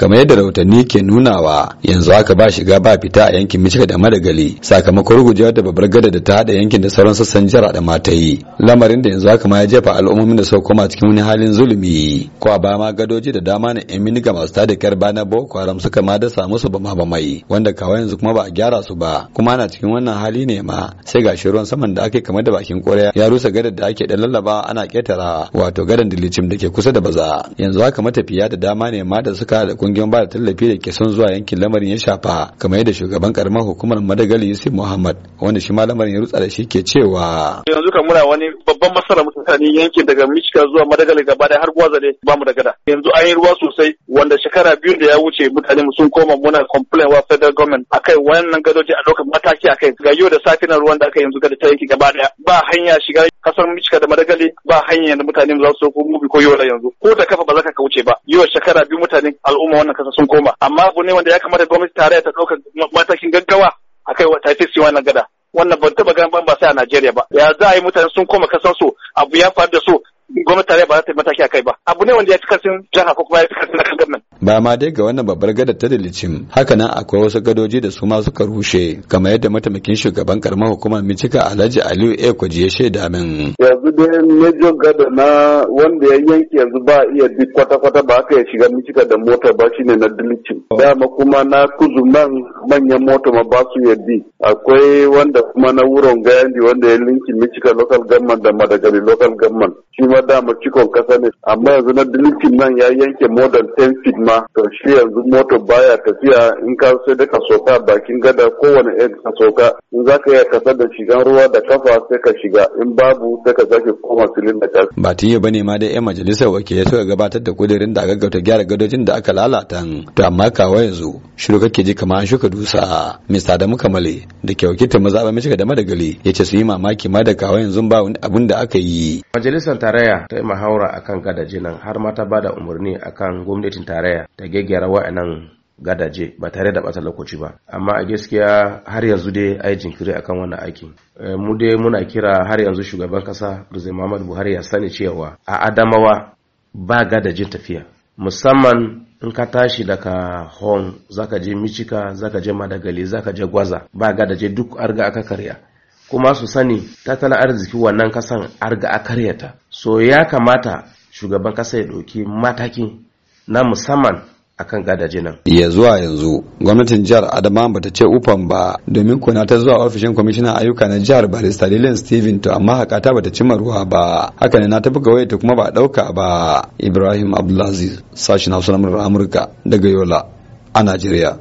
kamar yadda rahotanni ke nunawa yanzu aka ba shiga ba fita a yankin Michigan da Madagali sakamakon rugujewar da babbar gada da ta hada yankin da sauran sassan jihar da mata yi lamarin da yanzu aka ma ya jefa al'ummomin da suka koma cikin wani halin zulumi ko a ba ma gadoji da dama na yan miniga masu tada ba na Boko Haram suka ma dasa musu ba ma ba mai wanda kawai yanzu kuma ba a gyara su ba kuma ana cikin wannan hali ne ma sai ga ruwan saman da ake kamar da bakin koriya ya rusa gadar da ake dan lallaba ana ketara wato gadan dilicim da ke kusa da baza yanzu aka matafiya da dama ne ma da suka da kungiyoyin ba da tallafi da ke son zuwa yankin lamarin ya shafa kamar yadda shugaban karamar hukumar madagali yusuf muhammad wanda shi ma lamarin ya rutsa da shi ke cewa yanzu kan muna wani babban matsala mutane yankin daga michigan zuwa madagali gaba daya har gwazale ba mu da gada yanzu an yi ruwa sosai wanda shekara biyu da ya wuce mutane sun koma muna complain wa federal government akai wannan gadoji a lokacin mataki akai ga yau da safi na ruwan da aka yanzu gada ta yanki gaba daya ba hanya shiga kasar michigan da madagali ba hanya da mutane za su so ko mubi ko da yanzu ko da kafa ba za ka wuce ba yiwa shekara biyu mutane al'umma wannan kasa sun koma amma abu ne wanda ya kamata gwamnati tarayya ta ɗauka matakin gaggawa akai tafi fi wannan gada wannan ban taɓa ganin ban ba sai a Najeriya ba ya za a yi mutane sun koma kasan su abu ya faru da su gwamnati tarayya ba za ta yi mataki akai ba abu ne wanda ya fi karfin jaha ko kuma ya fi karfin ba ma dai ga wannan babbar gadar ta dilicin hakanan akwai wasu gadoji da su ma suka rushe kamar yadda mataimakin shugaban karamar hukumar Mijika Alhaji Aliyu Ekwaji ya shaida min yanzu dai major gada na wanda ya yanke yanzu ba iya bi kwata-kwata ba aka ya shiga Mijika da mota ba shine na dalicin dama kuma na kuzuman manyan mota ma ba su iya bi akwai wanda kuma na wurin gayandi wanda ya linki Mijika local government da madagali local government shi ma dama cikon kasa ne amma yanzu na dilicin nan ya yanke more than 10 feet ma to shi yanzu mota baya tafiya in ka sai da ka soka bakin gada kowane yan ka soka in za ka iya kasar da shigan ruwa da kafa sai ka shiga in babu sai ka zaki koma filin da ka. ba tiye ba ne ma dai yan majalisar wakilai suka gabatar da kudirin da aka gaggauta gyara gadojin da aka lalata to amma kawa yanzu shiru kake ji kamar an shuka dusa mista adamu kamale da ke wakiltar mazaɓa michiga da gali ya ce su yi mamaki ma da kawa yanzu ba abin abun da aka yi. majalisar tarayya ta yi mahaura akan nan har ma ta bada umarni akan gwamnatin tarayya ta gaggera wa'annan gadaje ba tare da bata lokaci ba amma a gaskiya har yanzu dai ai jinkiri akan wannan aikin eh, mu dai muna kira har yanzu shugaban kasa President Muhammadu Buhari ya sani cewa a Adamawa ba gadajin tafiya musamman in ka tashi daga Hong zaka je Michika zaka je Madagali zaka je Gwaza ba gadaje duk arga aka karya kuma su sani tattalin arziki wannan kasan arga a karyata so ya kamata shugaban kasa ya ɗauki matakin na musamman akan gadaje nan. Ya zuwa yanzu gwamnatin jihar Adama ba ta ce ufan ba domin kuna ta zuwa ofishin kwamishinan ayyuka na jihar Barista Lilian Steven to amma hakata bata cimma ruwa ba haka ne na ta buga wayata kuma ba dauka ba Ibrahim Abdulaziz sashen Hausa na Amurka daga Yola a Najeriya.